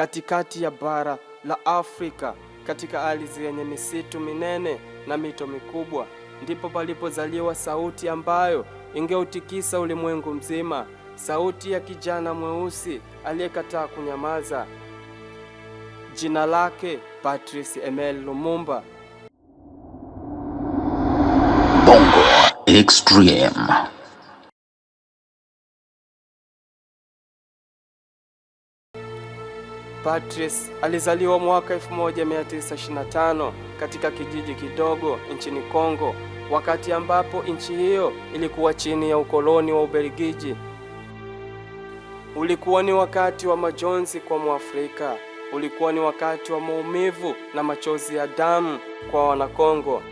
katikati ya bara la Afrika, katika ardhi yenye misitu minene na mito mikubwa, ndipo palipozaliwa sauti ambayo ingeutikisa ulimwengu mzima, sauti ya kijana mweusi aliyekataa kunyamaza. Jina lake Patrice emel Lumumba. Bongo Extreme. Patrice alizaliwa mwaka 1925 katika kijiji kidogo nchini Kongo wakati ambapo nchi hiyo ilikuwa chini ya ukoloni wa Ubelgiji. Ulikuwa ni wakati wa majonzi kwa Mwafrika. Ulikuwa ni wakati wa maumivu na machozi ya damu kwa Wanakongo.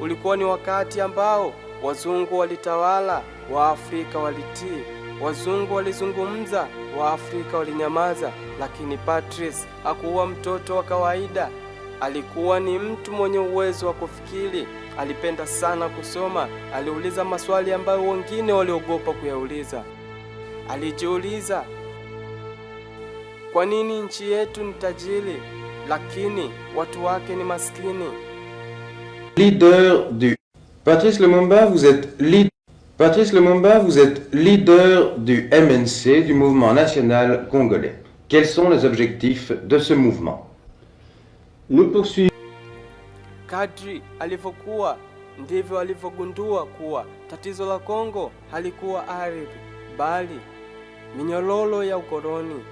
Ulikuwa ni wakati ambao wazungu walitawala, Waafrika walitii. Wazungu walizungumza, Waafrika walinyamaza, lakini Patrice hakuwa mtoto wa kawaida. Alikuwa ni mtu mwenye uwezo wa kufikiri. Alipenda sana kusoma. Aliuliza maswali ambayo wengine waliogopa kuyauliza. Alijiuliza, kwa nini nchi yetu ni tajiri lakini watu wake ni maskini? Leader du Patrice Lumumba, vous êtes leader Patrice Lumumba, vous êtes leader du MNC, du mouvement national congolais. Quels sont les objectifs de ce mouvement Nous poursuivons. Kadri alivyokuwa ndivyo alivyogundua kuwa tatizo la Kongo halikuwa ardhi bali minyororo ya ukoloni.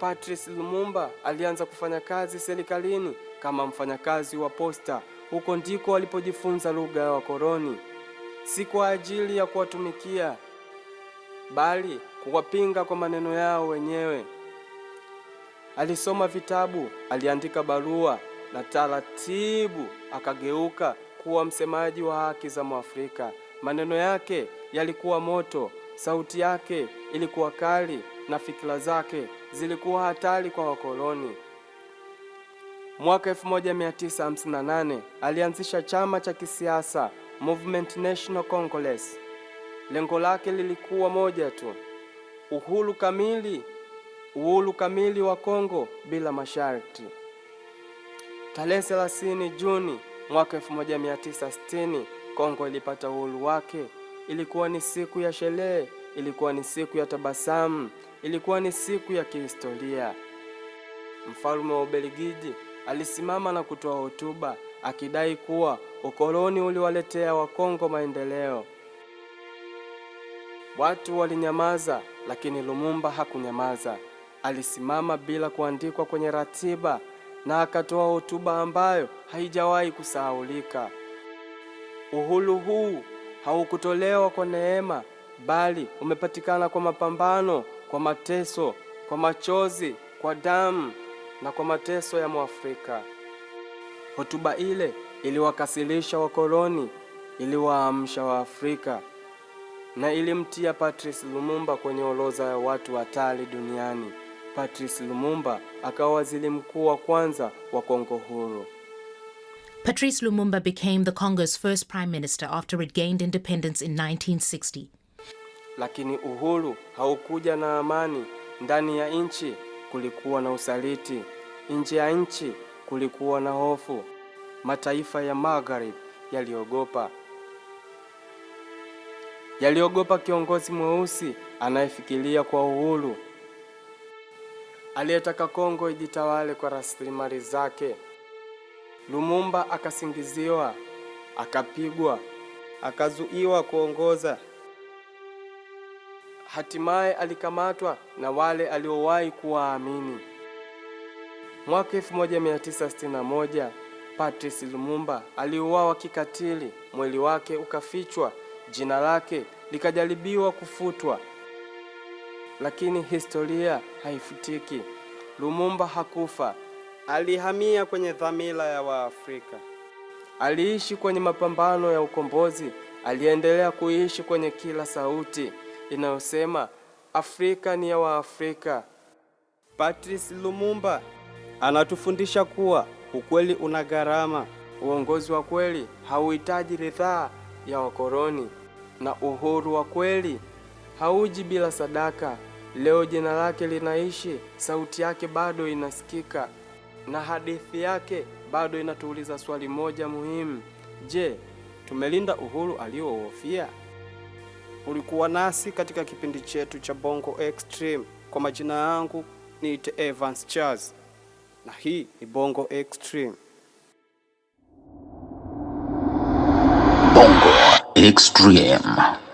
Patrice Lumumba alianza kufanya kazi serikalini kama mfanyakazi wa posta. Huko ndiko alipojifunza lugha ya wakoloni. si kwa ajili ya kuwatumikia, bali kuwapinga kwa maneno yao wenyewe. Alisoma vitabu, aliandika barua na taratibu akageuka kuwa msemaji wa haki za Mwafrika. Maneno yake yalikuwa moto, sauti yake ilikuwa kali na fikira zake zilikuwa hatari kwa wakoloni. Mwaka 1958 alianzisha chama cha kisiasa Movement National Congress lengo lake lilikuwa moja tu, uhuru kamili, uhuru kamili wa Kongo bila masharti. Tarehe 30 Juni mwaka 1960 Kongo ilipata uhuru wake. Ilikuwa ni siku ya sherehe, ilikuwa ni siku ya tabasamu, ilikuwa ni siku ya kihistoria. Mfalme wa Ubelgiji alisimama na kutoa hotuba akidai kuwa ukoloni uliwaletea Wakongo maendeleo. Watu walinyamaza, lakini Lumumba hakunyamaza. Alisimama bila kuandikwa kwenye ratiba na akatoa hotuba ambayo haijawahi kusahaulika. Uhuru huu haukutolewa kwa neema, bali umepatikana kwa mapambano, kwa mateso, kwa machozi, kwa damu na kwa mateso ya Mwafrika. Hotuba ile iliwakasilisha wakoloni, iliwaamsha Waafrika na ilimtia Patrice Lumumba kwenye orodha ya watu hatari duniani. Patrice Lumumba akawa waziri mkuu wa kwanza wa Kongo huru. Patrice Lumumba became the Congo's first prime minister after it gained independence in 1960. Lakini uhuru haukuja na amani. Ndani ya nchi kulikuwa na usaliti, nje ya nchi kulikuwa na hofu. Mataifa ya magharibi yaliogopa, yaliogopa kiongozi mweusi anayefikiria kwa uhuru, aliyetaka Kongo ijitawale kwa rasilimali zake. Lumumba akasingiziwa, akapigwa, akazuiwa kuongoza. Hatimaye alikamatwa na wale aliowahi kuwaamini. Mwaka 1961 Patrice Lumumba aliuawa kikatili, mwili wake ukafichwa, jina lake likajaribiwa kufutwa, lakini historia haifutiki. Lumumba hakufa, alihamia kwenye dhamira ya Waafrika. Aliishi kwenye mapambano ya ukombozi, aliendelea kuishi kwenye kila sauti inayosema Afrika ni ya Waafrika. Patrice Lumumba Anatufundisha kuwa ukweli una gharama. Uongozi wa kweli hauhitaji ridhaa ya wakoloni, na uhuru wa kweli hauji bila sadaka. Leo jina lake linaishi, sauti yake bado inasikika, na hadithi yake bado inatuuliza swali moja muhimu: je, tumelinda uhuru aliohofia? Ulikuwa nasi katika kipindi chetu cha Bongo Extreme. Kwa majina yangu niite Evans Charles na hii ni Bongo Extreme. Bongo Extreme.